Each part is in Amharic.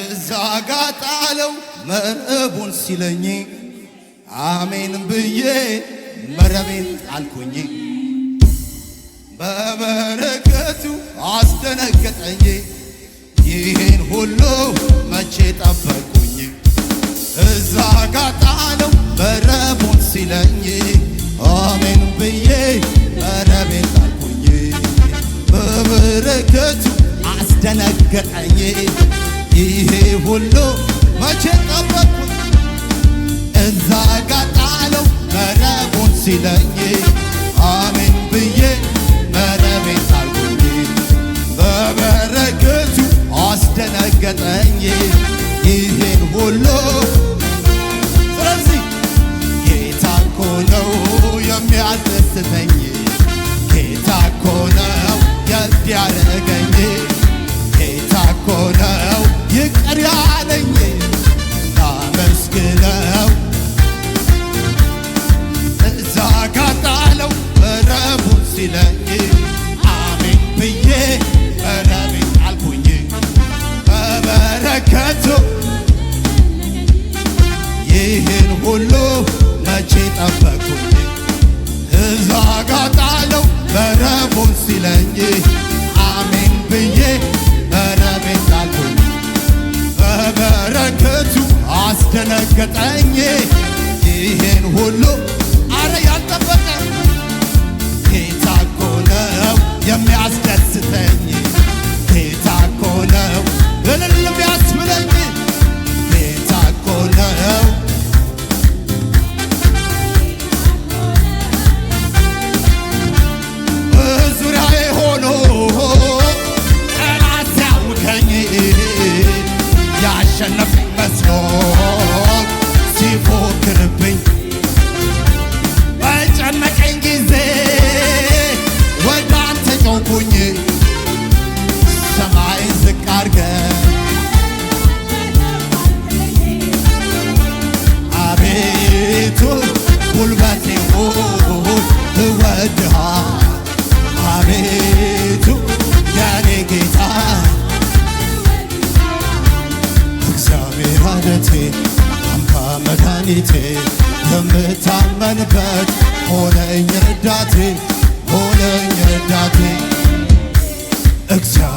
እዛ ጋ ጣለው መረቡን ሲለኝ አሜን ብዬ መረቤን ጣልኩኝ። በበረከቱ አስደነገጠኝ። ይህን ሁሉ መቼ ጠበቁኝ? እዛ ጋ ጣለው መረቡን ሲለኝ አሜን ብዬ መረቤን ጣልኩኝ። በበረከቱ አስደነገጠኝ ሁሉ መቼ ጠበቅኩት እዛ ጋር ጣለው መረቡን ሲለኝ ይቅር ያለኝ ላመስግነው እዛ ሲለኝ exhale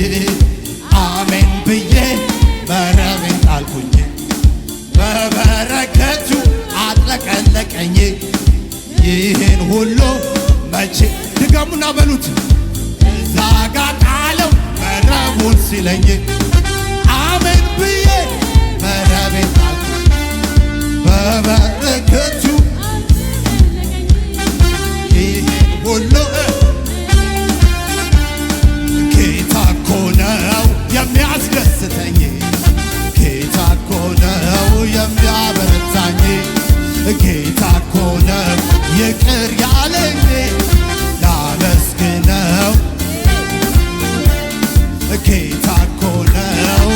አለኝ አሜን ብዬ መረቤን ጣልኩኝ በበረከቱ አጥለቀለቀኝ ይህን ሁሉ መቼ ድገሙና በሉት እዛ ጋ ጣለው መረቡን ሲለኝ አለኝ ላመስግነው ጌታ እኮ ነው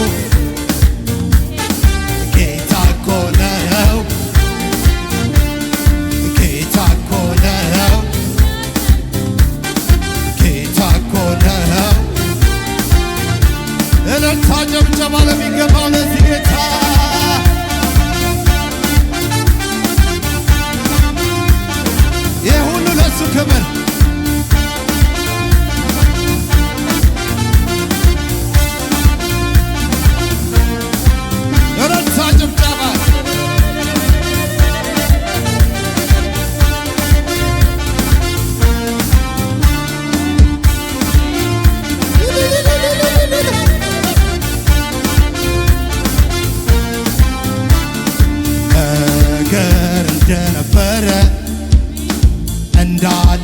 ጌታ እኮ ነው ጌታ እኮ ነው ጌታ እኮ ነው እልልታ ጨብጨባ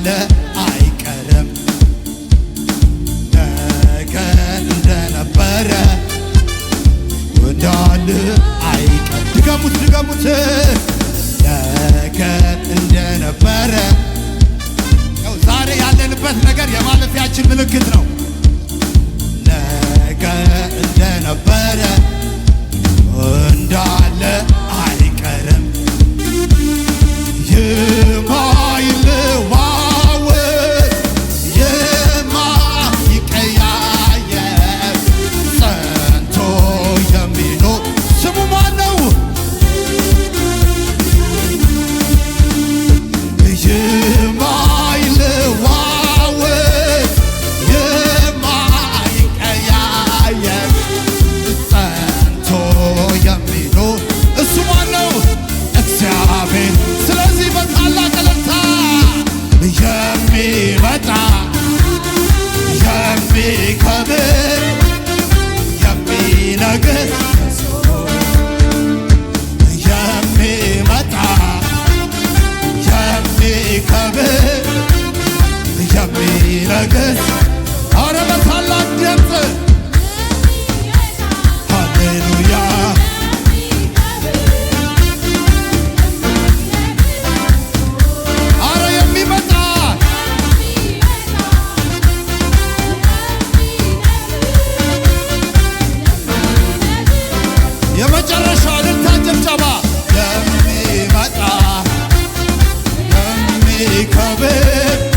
እንዳለ አይቀርም ነገ እንደነበረ እንዳለ አይቀርም። ድገሙት ድገሙት ነገ እንደነበረ ዛሬ ያለንበት ነገር የማለፊያችን ምልክት ነው። የእልልታ ጭብጨባ የሚመጣ የሚከብር